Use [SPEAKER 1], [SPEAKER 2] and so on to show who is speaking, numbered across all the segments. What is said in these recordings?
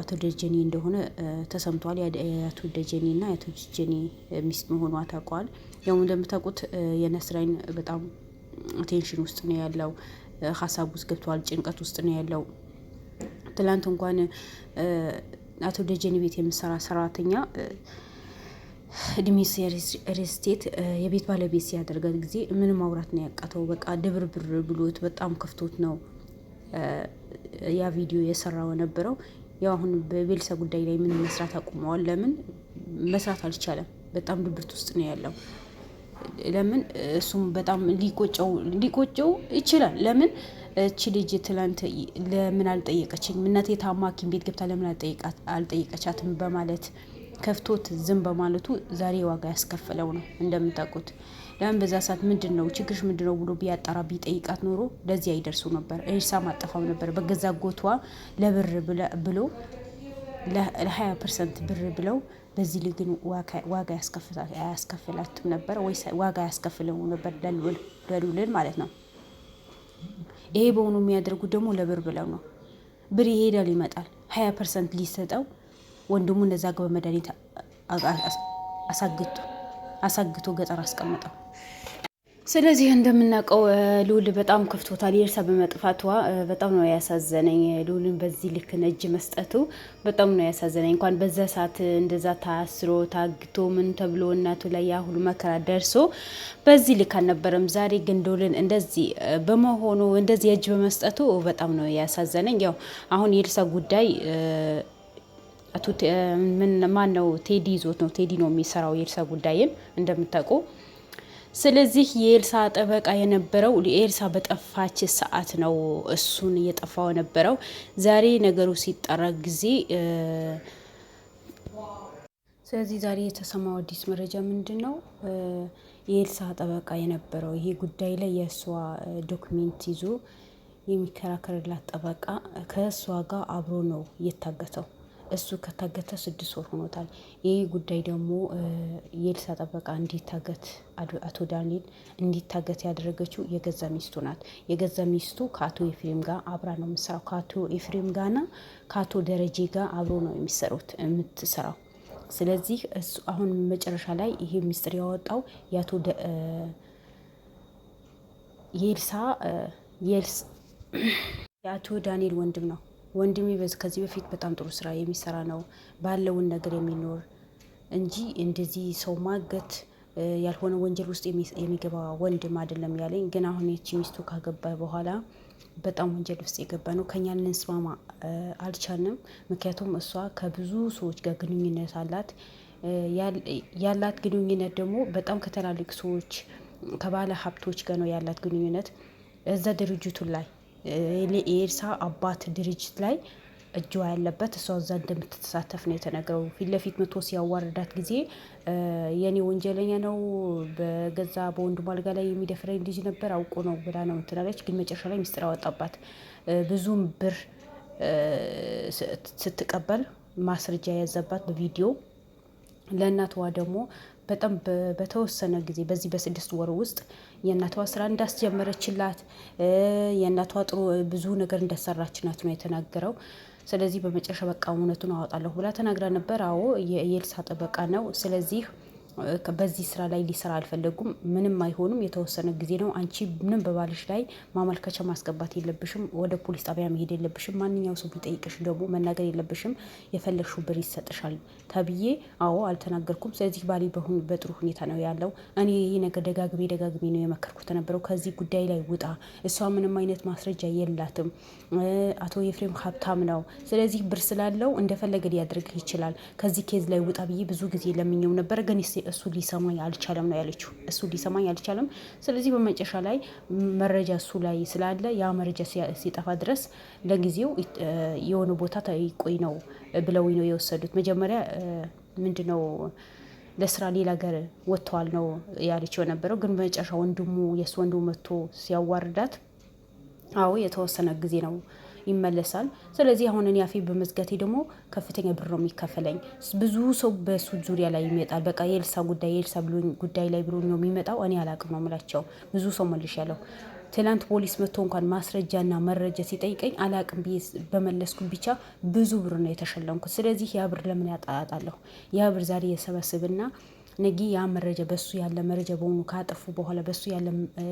[SPEAKER 1] አቶ ደጀኒ እንደሆነ ተሰምቷል። የአቶ ደጀኒ እና የአቶ ደጀኔ ሚስት መሆኗ ታውቋል። ያው እንደምታውቁት የነስራይን በጣም ቴንሽን ውስጥ ነው ያለው፣ ሀሳብ ውስጥ ገብተዋል፣ ጭንቀት ውስጥ ነው ያለው። ትላንት እንኳን አቶ ደጀኒ ቤት የምሰራ ሰራተኛ ድሜስ ሬስቴት የቤት ባለቤት ሲያደርገት ጊዜ ምን ማውራት ነው ያቃተው? በቃ ድብርብር ብሎት በጣም ከፍቶት ነው ያ ቪዲዮ የሰራው ነበረው። ያው አሁን በቤልሳ ጉዳይ ላይ ምን መስራት አቁመዋል። ለምን መስራት አልቻለም? በጣም ድብርት ውስጥ ነው ያለው። ለምን እሱም በጣም ሊቆጨው ሊቆጨው ይችላል። ለምን እቺ ልጅ ትላንት ለምን አልጠየቀችኝ? እናቴ ታማ ሐኪም ቤት ገብታ ለምን አልጠየቀቻትም በማለት ከፍቶት ዝም በማለቱ ዛሬ ዋጋ ያስከፈለው ነው። እንደምታውቁት ለምን በዛ ሰዓት ምንድን ነው ችግርሽ ምንድን ነው ብሎ ቢያጣራ ቢጠይቃት ኖሮ ለዚህ አይደርሱ ነበር። እሳ ማጠፋም ነበር። በገዛ ጎቷ ለብር ብሎ ለ20 ፐርሰንት ብር ብለው በዚህ ልግን ዋጋ ያስከፍላትም ነበር ወይ ዋጋ ያስከፍለው ነበር ለልውልን ማለት ነው። ይሄ በሆኑ የሚያደርጉት ደግሞ ለብር ብለው ነው። ብር ይሄዳል ይመጣል። 20 ፐርሰንት ሊሰጠው ወንድሙ እንደዛ ጋር በመድኃኒት አሳግቶ ገጠር አስቀመጠው። ስለዚህ እንደምናውቀው ልዑል በጣም ከፍቶታል። የእርሳ በመጥፋቷ በጣም ነው ያሳዘነኝ። ልዑልን በዚህ ልክ እጅ መስጠቱ በጣም ነው ያሳዘነኝ። እንኳን በዛ ሰዓት እንደዛ ታስሮ ታግቶ ምን ተብሎ እናቱ ላይ ያ ሁሉ መከራ ደርሶ በዚህ ልክ አልነበረም። ዛሬ ግን ልዑልን እንደዚህ በመሆኑ እንደዚህ እጅ በመስጠቱ በጣም ነው ያሳዘነኝ። ያው አሁን የእርሳ ጉዳይ አቶ ማን ነው ቴዲ ይዞት ነው ቴዲ ነው የሚሰራው የኤልሳ ጉዳይን እንደምታውቁ። ስለዚህ የኤልሳ ጠበቃ የነበረው ኤልሳ በጠፋች ሰዓት ነው እሱን እየጠፋው የነበረው። ዛሬ ነገሩ ሲጠራ ጊዜ ስለዚህ ዛሬ የተሰማው አዲስ መረጃ ምንድን ነው? የኤልሳ ጠበቃ የነበረው ይሄ ጉዳይ ላይ የእሷ ዶክሜንት ይዞ የሚከራከርላት ጠበቃ ከእሷ ጋር አብሮ ነው የታገተው። እሱ ከታገተ ስድስት ወር ሆኖታል። ይህ ጉዳይ ደግሞ የኤልሳ ጠበቃ እንዲታገት አቶ ዳንኤል እንዲታገት ያደረገችው የገዛ ሚስቱ ናት። የገዛ ሚስቱ ከአቶ ኤፍሬም ጋር አብራ ነው የምትሰራው። ከአቶ ኤፍሬም ጋርና ከአቶ ደረጀ ጋር አብሮ ነው የሚሰሩት የምትሰራው። ስለዚህ አሁን መጨረሻ ላይ ይሄ ሚስጥር ያወጣው የአቶ የኤልሳ የአቶ ዳንኤል ወንድም ነው። ወንድሜ ከዚህ በፊት በጣም ጥሩ ስራ የሚሰራ ነው ባለውን ነገር የሚኖር እንጂ እንደዚህ ሰው ማገት ያልሆነ ወንጀል ውስጥ የሚገባ ወንድም አይደለም ያለኝ። ግን አሁን ይቺ ሚስቱ ካገባ በኋላ በጣም ወንጀል ውስጥ የገባ ነው። ከኛ ልንስማማ አልቻልንም። ምክንያቱም እሷ ከብዙ ሰዎች ጋር ግንኙነት አላት። ያላት ግንኙነት ደግሞ በጣም ከትላልቅ ሰዎች ከባለ ሀብቶች ጋር ነው ያላት ግንኙነት እዛ ድርጅቱ ላይ የኤልሳ አባት ድርጅት ላይ እጅዋ ያለበት እሷ እዛ እንደምትተሳተፍ ነው የተነገረው። ፊት ለፊት መቶ ሲያዋርዳት ጊዜ የኔ ወንጀለኛ ነው በገዛ በወንድሟ አልጋ ላይ የሚደፍረኝ ልጅ ነበር አውቆ ነው ብላ ነው ትላለች። ግን መጨረሻ ላይ ሚስጥር አወጣባት። ብዙም ብር ስትቀበል ማስረጃ ያዘባት በቪዲዮ ለእናትዋ ደግሞ በጣም በተወሰነ ጊዜ በዚህ በስድስት ወር ውስጥ የእናቷ ስራ እንዳስጀመረችላት የእናቷ ጥሩ ብዙ ነገር እንዳሰራችናት ነው የተናገረው። ስለዚህ በመጨረሻ በቃ እውነቱን አወጣለሁ ብላ ተናግራ ነበር። አዎ የኤልሳ ጠበቃ ነው። ስለዚህ በዚህ ስራ ላይ ሊሰራ አልፈለጉም። ምንም አይሆኑም። የተወሰነ ጊዜ ነው። አንቺ ምንም በባልሽ ላይ ማመልከቻ ማስገባት የለብሽም። ወደ ፖሊስ ጣቢያ መሄድ የለብሽም። ማንኛው ሰው ቢጠይቅሽ ደግሞ መናገር የለብሽም። የፈለግሽው ብር ይሰጥሻል ተብዬ፣ አዎ አልተናገርኩም። ስለዚህ ባሌ በጥሩ ሁኔታ ነው ያለው። እኔ ይህ ነገር ደጋግሜ ደጋግሜ ነው የመከርኩት ነበረው። ከዚህ ጉዳይ ላይ ውጣ። እሷ ምንም አይነት ማስረጃ የላትም። አቶ የፍሬም ሀብታም ነው። ስለዚህ ብር ስላለው እንደፈለገ ሊያደርግ ይችላል። ከዚህ ኬዝ ላይ ውጣ ብዬ ብዙ ጊዜ ለምኘው ነበረ ግን ስለዚህ እሱ ሊሰማኝ አልቻለም ነው ያለችው። እሱ ሊሰማኝ አልቻለም። ስለዚህ በመጨረሻ ላይ መረጃ እሱ ላይ ስላለ ያ መረጃ ሲጠፋ ድረስ ለጊዜው የሆነ ቦታ ተይቆይ ነው ብለው ነው የወሰዱት። መጀመሪያ ምንድን ነው ለስራ ሌላ ገር ወጥተዋል ነው ያለችው የነበረው። ግን በመጨረሻ ወንድሙ የእሱ ወንድሙ መጥቶ ሲያዋርዳት አዎ የተወሰነ ጊዜ ነው ይመለሳል። ስለዚህ አሁን እኔ አፌ በመዝጋቴ ደግሞ ከፍተኛ ብር ነው የሚከፈለኝ። ብዙ ሰው በሱ ዙሪያ ላይ ይመጣል። በቃ የኤልሳ ጉዳይ የኤልሳ ጉዳይ ላይ ብሎ ነው የሚመጣው። እኔ አላቅም ነው ምላቸው። ብዙ ሰው መልሽ ያለው ትላንት ፖሊስ መጥቶ እንኳን ማስረጃና መረጃ ሲጠይቀኝ አላቅም ብዬ በመለስኩ ብቻ ብዙ ብር ነው የተሸለምኩት። ስለዚህ ያ ብር ለምን ያጣጣለሁ? ያ ብር ዛሬ የሰበስብና ነጊ ያ መረጃ በሱ ያለ መረጃ በሆኑ ካጠፉ በኋላ በሱ ያለ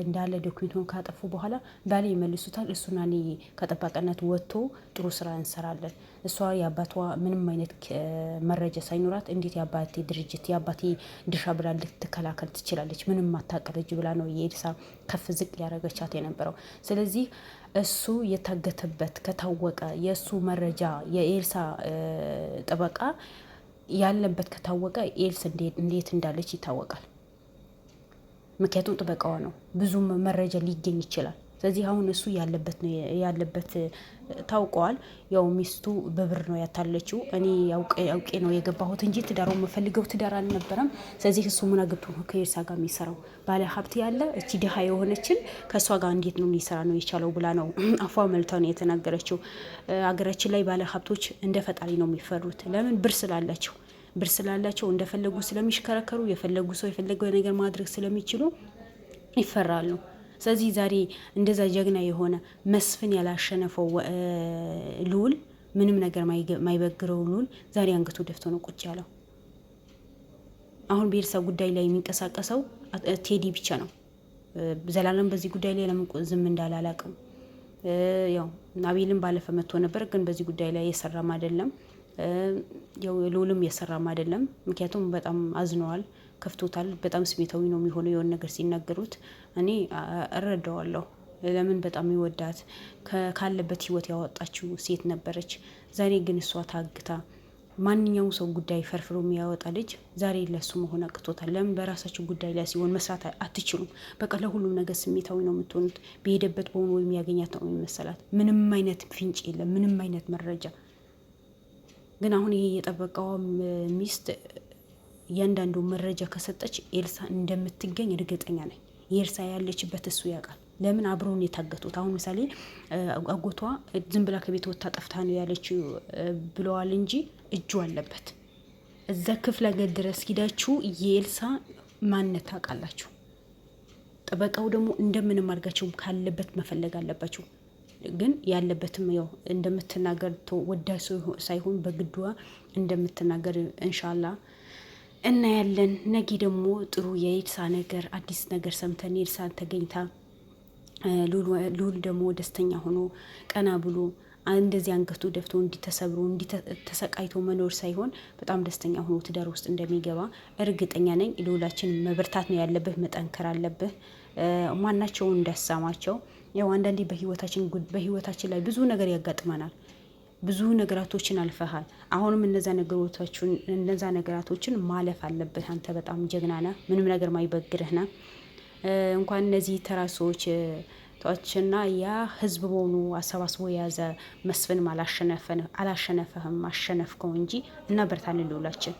[SPEAKER 1] እንዳለ ዶክሜንቱን ካጠፉ በኋላ ባሌ ይመልሱታል። እሱና እኔ ከጠባቂነት ወጥቶ ጥሩ ስራ እንሰራለን። እሷ የአባቷ ምንም አይነት መረጃ ሳይኖራት እንዴት የአባቴ ድርጅት የአባቴ ድርሻ ብላ ልትከላከል ትችላለች? ምንም አታቀረጅ ብላ ነው የኤልሳ ከፍ ዝቅ ያደረገቻት የነበረው። ስለዚህ እሱ የታገተበት ከታወቀ የእሱ መረጃ የኤልሳ ጠበቃ ያለበት ከታወቀ ኤልስ እንዴት እንዳለች ይታወቃል። ምክንያቱም ጥበቃዋ ነው። ብዙ መረጃ ሊገኝ ይችላል። ስለዚህ አሁን እሱ ያለበት ነው ያለበት ታውቀዋል። ያው ሚስቱ በብር ነው ያታለችው። እኔ አውቄ ነው የገባሁት እንጂ ትዳሩ የምፈልገው ትዳር አልነበረም። ስለዚህ እሱ ምን አግብቶ ነው ከኤርሳ ጋር የሚሰራው? ባለ ሀብት ያለ እቺ ድሃ የሆነችን ከእሷ ጋር እንዴት ነው ሊሰራ ነው የቻለው ብላ ነው አፏ መልታ ነው የተናገረችው። አገራችን ላይ ባለ ሀብቶች እንደ ፈጣሪ ነው የሚፈሩት። ለምን? ብር ስላላቸው ብር ስላላቸው እንደፈለጉ ስለሚሽከረከሩ የፈለጉ ሰው የፈለገው ነገር ማድረግ ስለሚችሉ ይፈራሉ። ስለዚህ ዛሬ እንደዛ ጀግና የሆነ መስፍን ያላሸነፈው ልውል ምንም ነገር ማይበግረው ልውል ዛሬ አንገቱ ደፍቶ ነው ቁጭ ያለው። አሁን በኤልሳ ጉዳይ ላይ የሚንቀሳቀሰው ቴዲ ብቻ ነው። ዘላለም በዚህ ጉዳይ ላይ ለምን ዝም እንዳለ አላውቅም። ያው አቤልም ባለፈ መጥቶ ነበር፣ ግን በዚህ ጉዳይ ላይ የሰራም አይደለም፣ ያው ልውልም የሰራም አይደለም። ምክንያቱም በጣም አዝነዋል። ከፍቶታል። በጣም ስሜታዊ ነው የሚሆነው የሆነ ነገር ሲናገሩት። እኔ እረዳዋለሁ። ለምን በጣም ይወዳት ካለበት ህይወት ያወጣችው ሴት ነበረች። ዛሬ ግን እሷ ታግታ ማንኛውም ሰው ጉዳይ ፈርፍሮ የሚያወጣ ልጅ ዛሬ ለሱ መሆን አቅቶታል። ለምን በራሳቸው ጉዳይ ላይ ሲሆን መስራት አትችሉም። በቃ ለሁሉም ነገር ስሜታዊ ነው የምትሆኑት። በሄደበት በሆኑ ወይም ያገኛት ነው የሚመሰላት። ምንም አይነት ፍንጭ የለም፣ ምንም አይነት መረጃ ግን አሁን ይሄ የጠበቃዋ ሚስት እያንዳንዱ መረጃ ከሰጠች ኤልሳ እንደምትገኝ እርግጠኛ ነኝ። የኤልሳ ያለችበት እሱ ያውቃል። ለምን አብረውን የታገቱት? አሁን ምሳሌ አጎቷ ዝም ብላ ከቤት ወታ ጠፍታ ነው ያለችው ብለዋል እንጂ እጁ አለበት። እዛ ክፍለ ሀገር ድረስ ሂዳችሁ የኤልሳ ማንነት ታውቃላችሁ። ጥበቃው ደግሞ እንደምንም አድርጋቸው ካለበት መፈለግ አለባቸው ግን ያለበትም ያው እንደምትናገር ወዳ ሳይሆን በግድዋ እንደምትናገር እንሻላ እናያለን። ነጊ ደግሞ ጥሩ የኤልሳ ነገር አዲስ ነገር ሰምተን ኤልሳን ተገኝታ ሉል ደግሞ ደስተኛ ሆኖ ቀና ብሎ እንደዚህ አንገቱ ደፍቶ እንዲተሰብሮ እንዲተሰቃይቶ መኖር ሳይሆን በጣም ደስተኛ ሆኖ ትዳር ውስጥ እንደሚገባ እርግጠኛ ነኝ። ልውላችን መበርታት ነው ያለብህ፣ መጠንከር አለብህ። ማናቸውን እንዳሳማቸው ያው አንዳንዴ በህይወታችን ላይ ብዙ ነገር ያጋጥመናል። ብዙ ነገራቶችን አልፈሃል። አሁንም እነዛ ነገሮቻችን እነዛ ነገራቶችን ማለፍ አለብህ። አንተ በጣም ጀግና ነህ። ምንም ነገር ማይበግርህ ነ እንኳን እነዚህ ተራ ሰዎች ቶችና ያ ህዝብ በሆኑ አሰባስቦ የያዘ መስፍንም አላሸነፈህም፣ አሸነፍከው እንጂ እና በርታን ልውላችን